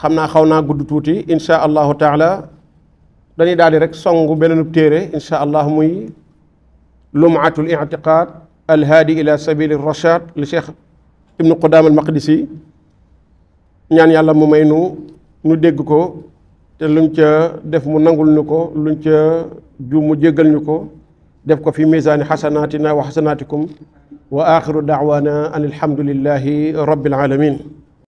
xamna xawna gudd tuti insha allah taala dañi daal rek songu beneenub téré insha allah muy lum'atul i'tiqad al hadi ila sabil ar rashad li cheikh ibn qudam al maqdisi ñaan yàlla mu maynu nu deg ko te luñ ca def mu nangul ñuko luñ ca ju mu jéggal ñu def ko fi mizan hasanatina wa hasanatikum واخر دعوانا ان الحمد لله رب العالمين